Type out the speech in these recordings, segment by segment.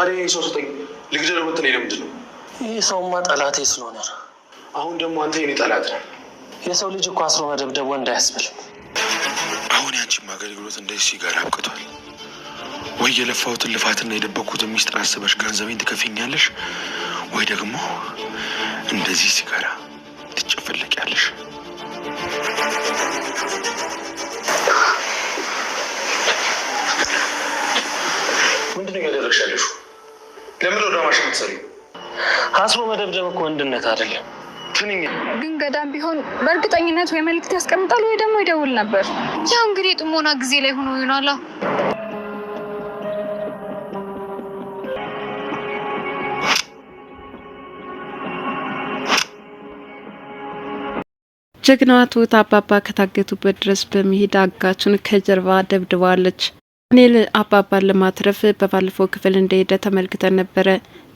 ታዲያ ይህ ሰው ስጠኝ ልግደለው የምትለኝ ለምንድን ነው? ይህ ሰውማ ጠላቴ ስለሆነ ነው። አሁን ደግሞ አንተ የኔ ጠላት ነው። የሰው ልጅ እኮ አስሮ መደብደብ ወንድ አያስብልም። አሁን ያንቺም አገልግሎት እንደዚህ ሲጋር አብቅቷል። ወይ የለፋሁትን ልፋትና የደበኩትን ሚስጥር አስበሽ ገንዘቤን ትከፍኛለሽ፣ ወይ ደግሞ እንደዚህ ሲጋራ ትጨፈለቅያለሽ። ለምን ወደ ማሽን ትሰሪ? መደብደብ እኮ ወንድነት አይደለም። ትንኝ ግን ገዳም ቢሆን በእርግጠኝነት ወይ መልዕክት ያስቀምጣል ወይ ደግሞ ይደውል ነበር። ያው እንግዲህ የጥሞና ጊዜ ላይ ሆኖ ይሆናላ። ጀግናዋ ትሁት አባባ ከታገቱበት ድረስ በመሄድ አጋቹን ከጀርባ ደብድባለች። ዳንኤል አባባን ለማትረፍ በባለፈው ክፍል እንደሄደ ተመልክተን ነበረ።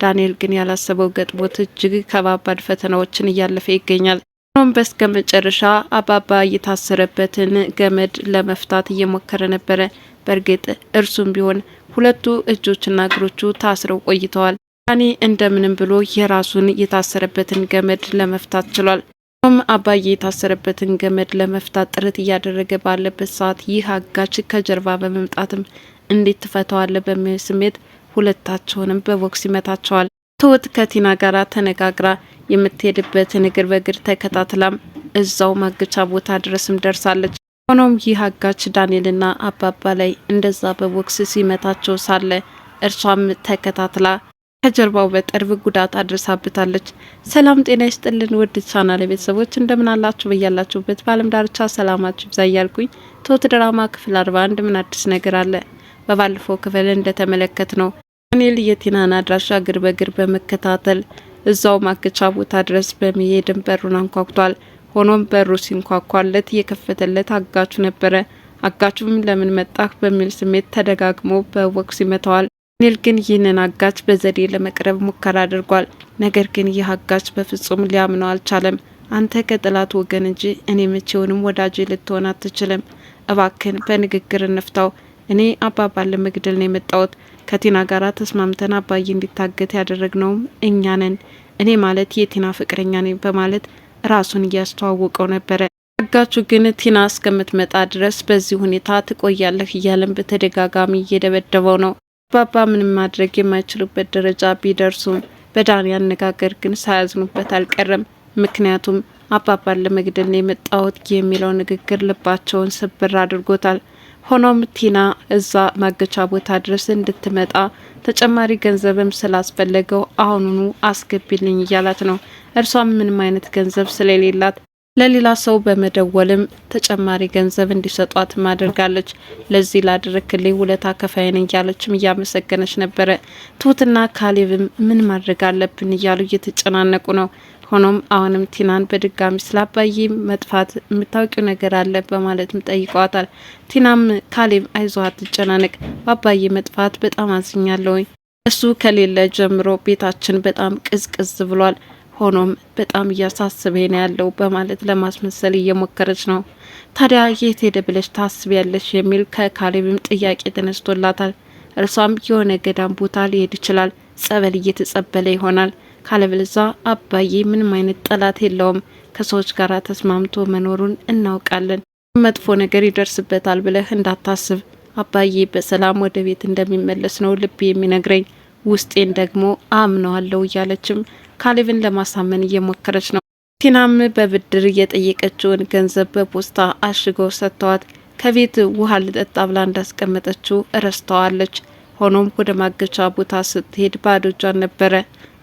ዳንኤል ግን ያላሰበው ገጥሞት እጅግ ከባባድ ፈተናዎችን እያለፈ ይገኛል። ሆኖም በስከ መጨረሻ አባባ እየታሰረበትን ገመድ ለመፍታት እየሞከረ ነበረ። በእርግጥ እርሱም ቢሆን ሁለቱ እጆችና እግሮቹ ታስረው ቆይተዋል። ዳኒ እንደምንም ብሎ የራሱን የታሰረበትን ገመድ ለመፍታት ችሏል። ም አባዬ የታሰረበትን ገመድ ለመፍታት ጥረት እያደረገ ባለበት ሰዓት ይህ አጋች ከጀርባ በመምጣትም እንዴት ትፈተዋለ በሚል ስሜት ሁለታቸውንም በቦክስ ይመታቸዋል። ትሁት ከቲና ጋር ተነጋግራ የምትሄድበትን እግር በእግር ተከታትላም እዛው ማገቻ ቦታ ድረስም ደርሳለች። ሆኖም ይህ አጋች ዳንኤልና አባባ ላይ እንደዛ በቦክስ ሲመታቸው ሳለ እርሷም ተከታትላ ከጀርባው በቅርብ ጉዳት አድርሳብታለች። ሰላም ጤና ይስጥልን ውድ ቻናል ቤተሰቦች እንደምን አላችሁ? በያላችሁበት በአለም ዳርቻ ሰላማችሁ ይብዛ እያልኩኝ ትሁት ድራማ ክፍል አርባ አንድ ምን አዲስ ነገር አለ? በባለፈው ክፍል እንደተመለከት ነው ዳንኤል የቲናን አድራሻ እግር በግር በመከታተል እዛው ማገቻ ቦታ ድረስ በመሄድን በሩን አንኳኩቷል። ሆኖም በሩ ሲንኳኳለት የከፈተለት አጋቹ ነበረ። አጋቹም ለምን መጣህ በሚል ስሜት ተደጋግሞ በቦክስ ይመታዋል። ዳንኤል ግን ይህንን አጋች በዘዴ ለመቅረብ ሙከራ አድርጓል። ነገር ግን ይህ አጋች በፍጹም ሊያምነው አልቻለም። አንተ ከጠላት ወገን እንጂ እኔ መቼውንም ወዳጅ ልትሆን አትችልም። እባክን በንግግር እንፍታው። እኔ አባባን ለመግደል ነው የመጣሁት። ከቲና ጋር ተስማምተን አባዬ እንዲታገት ያደረግነውም እኛ ነን። እኔ ማለት የቲና ፍቅረኛ ነኝ በማለት ራሱን እያስተዋወቀው ነበረ። አጋቹ ግን ቲና እስከምትመጣ ድረስ በዚህ ሁኔታ ትቆያለህ እያለን በተደጋጋሚ እየደበደበው ነው። አባባ ምንም ማድረግ የማይችሉበት ደረጃ ቢደርሱም በዳኒ አነጋገር ግን ሳያዝኑበት አልቀረም። ምክንያቱም አባባን ለመግደል ነው የመጣሁት የሚለው ንግግር ልባቸውን ስብር አድርጎታል። ሆኖም ቲና እዛ ማገቻ ቦታ ድረስ እንድትመጣ ተጨማሪ ገንዘብም ስላስፈለገው አሁኑኑ አስገቢልኝ እያላት ነው። እርሷም ምንም አይነት ገንዘብ ስለሌላት ለሌላ ሰው በመደወልም ተጨማሪ ገንዘብ እንዲሰጧትም አድርጋለች። ለዚህ ላደረክልኝ ውለታ ከፋይን እያለችም እያመሰገነች ነበረ። ትሁትና ካሌብም ምን ማድረግ አለብን እያሉ እየተጨናነቁ ነው። ሆኖም አሁንም ቲናን በድጋሚ ስላባዬ መጥፋት የምታውቂው ነገር አለ በማለትም ጠይቀዋታል። ቲናም ካሌብ አይዞህ አትጨናነቅ፣ በአባዬ መጥፋት በጣም አዝኛለሁኝ። እሱ ከሌለ ጀምሮ ቤታችን በጣም ቅዝቅዝ ብሏል ሆኖም በጣም እያሳስበኝ ነው ያለው በማለት ለማስመሰል እየሞከረች ነው። ታዲያ የት ሄደ ብለሽ ታስቢያለሽ የሚል ከካሌብም ጥያቄ ተነስቶላታል። እርሷም የሆነ ገዳም ቦታ ሊሄድ ይችላል፣ ጸበል እየተጸበለ ይሆናል። ካለበለዛ አባዬ ምንም አይነት ጠላት የለውም፣ ከሰዎች ጋር ተስማምቶ መኖሩን እናውቃለን። መጥፎ ነገር ይደርስበታል ብለህ እንዳታስብ፣ አባዬ በሰላም ወደ ቤት እንደሚመለስ ነው ልብ የሚነግረኝ፣ ውስጤን ደግሞ አምነዋለው እያለችም ካሌብን ለማሳመን እየሞከረች ነው። ቲናም በብድር እየጠየቀችውን ገንዘብ በፖስታ አሽገው ሰጥተዋት ከቤት ውሃ ልጠጣ ብላ እንዳስቀመጠችው እረስተዋለች። ሆኖም ወደ ማገቻ ቦታ ስትሄድ ባዶ እጇን ነበረ።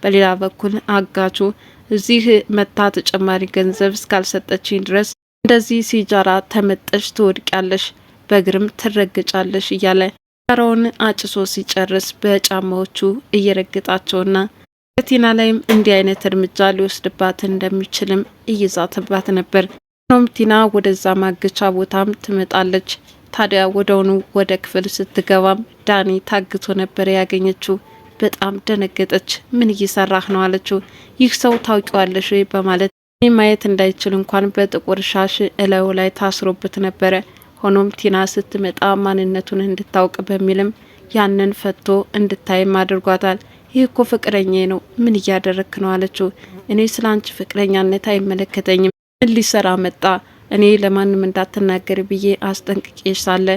በሌላ በኩል አጋቹ እዚህ መታ ተጨማሪ ገንዘብ እስካልሰጠችኝ ድረስ እንደዚህ ሲጃራ ተመጠሽ ትወድቂያለሽ፣ በእግርም ትረግጫለሽ እያለ ጃራውን አጭሶ ሲጨርስ በጫማዎቹ እየረግጣቸውና በቲና ላይም እንዲህ አይነት እርምጃ ሊወስድባት እንደሚችልም እይዛትባት ነበር። ሆኖም ቲና ወደዛ ማገቻ ቦታም ትመጣለች። ታዲያ ወደውኑ ወደ ክፍል ስትገባም ዳኒ ታግቶ ነበር ያገኘችው። በጣም ደነገጠች። ምን እየሰራህ ነው አለችው። ይህ ሰው ታውቂዋለሽ ወይ በማለት ማየት እንዳይችል እንኳን በጥቁር ሻሽ እላዩ ላይ ታስሮበት ነበረ። ሆኖም ቲና ስትመጣ ማንነቱን እንድታውቅ በሚልም ያንን ፈቶ እንድታይም አድርጓታል። ይህ እኮ ፍቅረኛ ነው፣ ምን እያደረክ ነው አለችው። እኔ ስለ አንቺ ፍቅረኛነት አይመለከተኝም። ምን ሊሰራ መጣ? እኔ ለማንም እንዳትናገር ብዬ አስጠንቅቄሽ ሳለ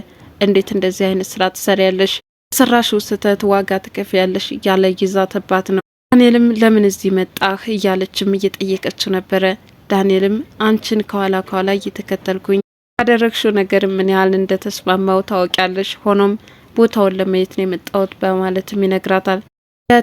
እንዴት እንደዚህ አይነት ስራ ትሰሪያለሽ? ሰራሽው ስህተት ዋጋ ትከፍያለሽ እያለ ይዛተባት ነው። ዳንኤልም ለምን እዚህ መጣህ እያለችም እየጠየቀችው ነበረ። ዳንኤልም አንቺን ከኋላ ከኋላ እየተከተልኩኝ ያደረግሽው ነገር ምን ያህል እንደተስማማው ታወቂያለሽ፣ ሆኖም ቦታውን ለማየት ነው የመጣሁት በማለትም ይነግራታል።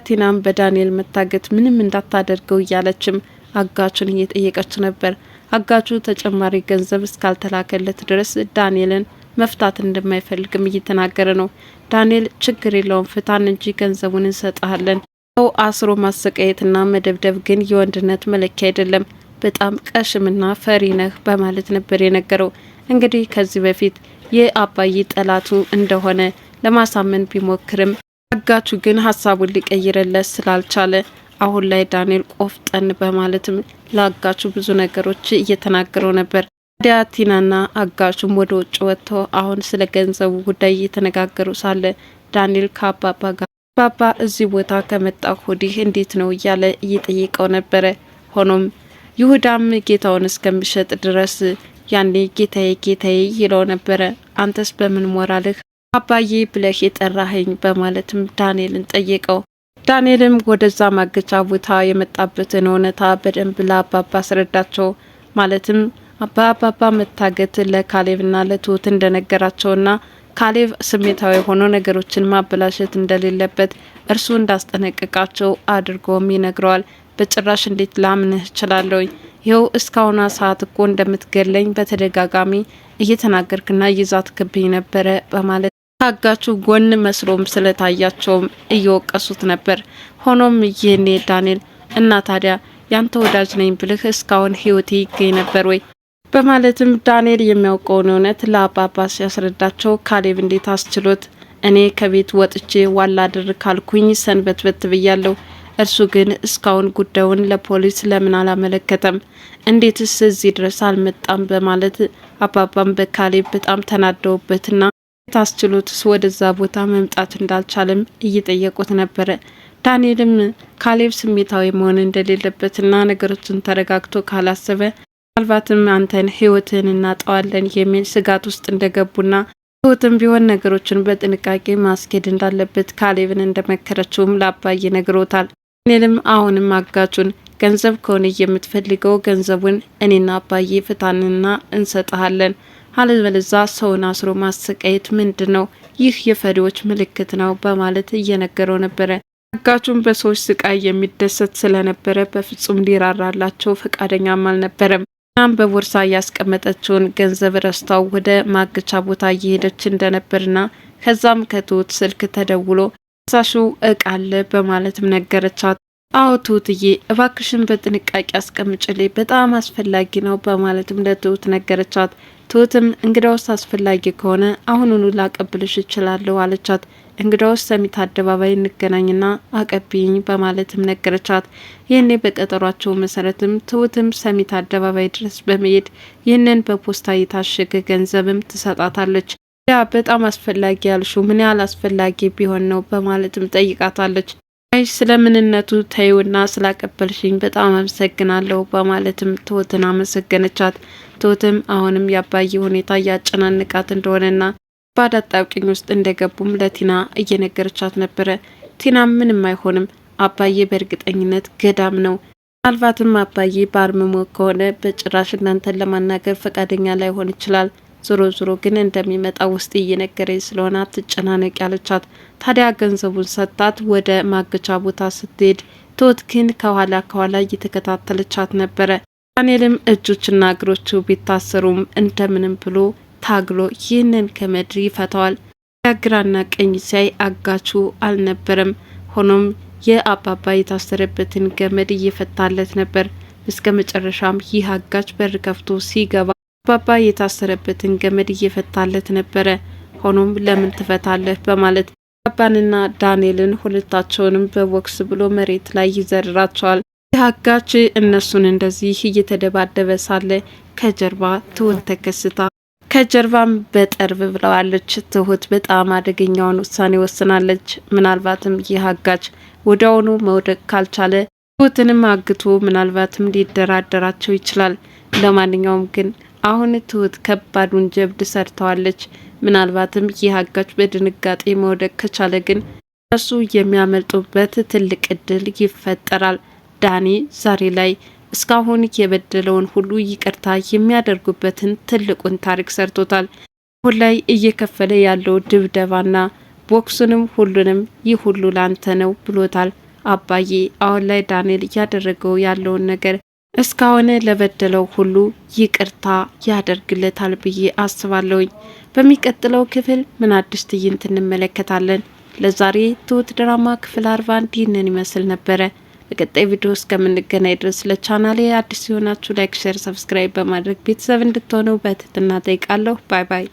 ቲናም በዳንኤል መታገት ምንም እንዳታደርገው እያለችም አጋቹን እየጠየቀች ነበር። አጋቹ ተጨማሪ ገንዘብ እስካልተላከለት ድረስ ዳንኤልን መፍታት እንደማይፈልግም እየተናገረ ነው። ዳንኤል ችግር የለውም ፍታን እንጂ ገንዘቡን እንሰጥሃለን። ሰው አስሮ ማሰቃየትና መደብደብ ግን የወንድነት መለኪያ አይደለም። በጣም ቀሽምና ፈሪ ነህ በማለት ነበር የነገረው። እንግዲህ ከዚህ በፊት የአባይ ጠላቱ እንደሆነ ለማሳመን ቢሞክርም አጋቹ ግን ሀሳቡን ሊቀይርለት ስላልቻለ አሁን ላይ ዳንኤል ቆፍጠን በማለትም ለአጋቹ ብዙ ነገሮች እየተናገረው ነበር። ታዲያ ቲናና አጋቹም ወደ ውጭ ወጥተው አሁን ስለ ገንዘቡ ጉዳይ እየተነጋገሩ ሳለ ዳንኤል ከአባባ ጋር አባባ እዚህ ቦታ ከመጣሁ ወዲህ እንዴት ነው እያለ እየጠየቀው ነበረ። ሆኖም ይሁዳም ጌታውን እስከሚሸጥ ድረስ ያኔ ጌታዬ ጌታዬ ይለው ነበረ። አንተስ በምን ሞራልህ አባዬ ብለህ የጠራኸኝ በማለትም ዳንኤልን ጠየቀው። ዳንኤልም ወደዛ ማገቻ ቦታ የመጣበትን እውነታ በደንብ ለአባባ አስረዳቸው። ማለትም በአባባ መታገት ለካሌብና ለትሁት እንደነገራቸውና ካሌብ ስሜታዊ ሆኖ ነገሮችን ማበላሸት እንደሌለበት እርሱ እንዳስጠነቀቃቸው አድርጎም ይነግረዋል። በጭራሽ እንዴት ላምንህ እችላለሁኝ? ይኸው እስካሁኗ ሰዓት እኮ እንደምትገለኝ በተደጋጋሚ እየተናገርክና እየዛትክብኝ ነበረ በማለት ታጋቹ ጎን መስሎም ስለታያቸውም እየወቀሱት ነበር። ሆኖም ይህኔ ዳንኤል እና ታዲያ ያንተ ወዳጅ ነኝ ብልህ እስካሁን ህይወቴ ይገኝ ነበር ወይ? በማለትም ዳንኤል የሚያውቀውን እውነት ለአባባ ሲያስረዳቸው ካሌብ እንዴት አስችሎት እኔ ከቤት ወጥቼ ዋላ ድር ካልኩኝ ሰንበትበት ብያለሁ። እርሱ ግን እስካሁን ጉዳዩን ለፖሊስ ለምን አላመለከተም? እንዴትስ እዚህ ድረስ አልመጣም? በማለት አባባም በካሌብ በጣም ተናደውበትና ታስችሎትስ ወደዛ ቦታ መምጣት እንዳልቻለም እየጠየቁት ነበረ። ዳንኤልም ካሌብ ስሜታዊ መሆን እንደሌለበትና ነገሮችን ተረጋግቶ ካላሰበ ምናልባትም አንተን ህይወትን እናጠዋለን የሚል ስጋት ውስጥ እንደገቡና ሕይወትም ቢሆን ነገሮችን በጥንቃቄ ማስኬድ እንዳለበት ካሌብን እንደመከረችውም ለአባዬ ነግሮታል። ዳንኤልም አሁንም አጋቹን ገንዘብ ከሆነ የምትፈልገው ገንዘቡን እኔና አባዬ ፍታንና እንሰጥሃለን፣ አለበለዛ ሰውን አስሮ ማሰቃየት ምንድን ነው? ይህ የፈሪዎች ምልክት ነው በማለት እየነገረው ነበረ። አጋቹም በሰዎች ስቃይ የሚደሰት ስለነበረ በፍጹም ሊራራላቸው ፈቃደኛም አልነበረም። እናም በቦርሳ ያስቀመጠችውን ገንዘብ ረስታው ወደ ማገቻ ቦታ እየሄደች እንደነበርና ከዛም ከትሁት ስልክ ተደውሎ ሳሹ እቃ አለ በማለትም ነገረቻት። አዎ ትሁትዬ እባክሽን በጥንቃቄ አስቀምጭልኝ በጣም አስፈላጊ ነው በማለትም ለትሁት ነገረቻት። ትሁትም እንግዳውስ አስፈላጊ ከሆነ አሁኑኑ ላቀብልሽ እችላለሁ አለቻት። እንግዳውስ ሰሚት አደባባይ እንገናኝና አቀብይኝ በማለትም ነገረቻት። ይህኔ በቀጠሯቸው መሰረትም ትሁትም ሰሚት አደባባይ ድረስ በመሄድ ይህንን በፖስታ የታሸገ ገንዘብም ትሰጣታለች። ያ በጣም አስፈላጊ ያልሹ ምን ያህል አስፈላጊ ቢሆን ነው በማለትም ጠይቃታለች። ይሽ ስለምንነቱ ተይውና ስላቀበልሽኝ በጣም አመሰግናለሁ በማለትም ትሁትን አመሰገነቻት። ትሁትም አሁንም የአባዬ ሁኔታ እያጨናንቃት እንደሆነና ባዳ አጣብቂኝ ውስጥ እንደገቡም ለቲና እየነገረቻት ነበረ። ቲና ምንም አይሆንም አባዬ በእርግጠኝነት ገዳም ነው ምናልባትም አባዬ በአርምሞ ከሆነ በጭራሽ እናንተን ለማናገር ፈቃደኛ ላይሆን ይችላል ዞሮ ዞሮ ግን እንደሚመጣ ውስጥ እየነገረኝ ስለሆነ አትጨናነቅ ያለቻት። ታዲያ ገንዘቡን ሰጥታት ወደ ማገቻ ቦታ ስትሄድ ትሁት ግን ከኋላ ከኋላ እየተከታተለቻት ነበረ። ዳንኤልም እጆችና እግሮቹ ቢታሰሩም እንደምንም ብሎ ታግሎ ይህንን ከመድር ይፈተዋል። ግራና ቀኝ ሲያይ አጋቹ አልነበረም። ሆኖም የአባባ የታሰረበትን ገመድ እየፈታለት ነበር። እስከ መጨረሻም ይህ አጋች በር ከፍቶ ሲገባ አባባ የታሰረበትን ገመድ እየፈታለት ነበረ። ሆኖም ለምን ትፈታለህ በማለት አባንና ዳንኤልን ሁለታቸውንም በቦክስ ብሎ መሬት ላይ ይዘርራቸዋል። ይህ አጋች እነሱን እንደዚህ እየተደባደበ ሳለ ከጀርባ ትሁት ተከስታ ከጀርባም በጠርብ ብለዋለች። ትሁት በጣም አደገኛውን ውሳኔ ወስናለች። ምናልባትም ይህ አጋች ወደውኑ መውደቅ ካልቻለ ትሁትንም አግቶ ምናልባትም ሊደራደራቸው ይችላል። ለማንኛውም ግን አሁን ትሁት ከባዱን ጀብድ ሰርተዋለች። ምናልባትም ይህ አጋች በድንጋጤ መውደቅ ከቻለ ግን እሱ የሚያመልጡበት ትልቅ እድል ይፈጠራል። ዳኒ ዛሬ ላይ እስካሁን የበደለውን ሁሉ ይቅርታ የሚያደርጉበትን ትልቁን ታሪክ ሰርቶታል። አሁን ላይ እየከፈለ ያለው ድብደባና ቦክሱንም ሁሉንም ይህ ሁሉ ላንተ ነው ብሎታል። አባዬ አሁን ላይ ዳንኤል እያደረገው ያለውን ነገር እስካሁን ለበደለው ሁሉ ይቅርታ ያደርግለታል ብዬ አስባለሁኝ። በሚቀጥለው ክፍል ምን አዲስ ትዕይንት እንመለከታለን? ለዛሬ ትሁት ድራማ ክፍል አርባ አንድ ይህንን ይመስል ነበረ። በቀጣይ ቪዲዮ እስከምንገናኝ ድረስ ለቻናሌ አዲስ የሆናችሁ ላይክ፣ ሼር፣ ሰብስክራይብ በማድረግ ቤተሰብ እንድትሆኑ በትህትና ጠይቃለሁ። ባይ ባይ።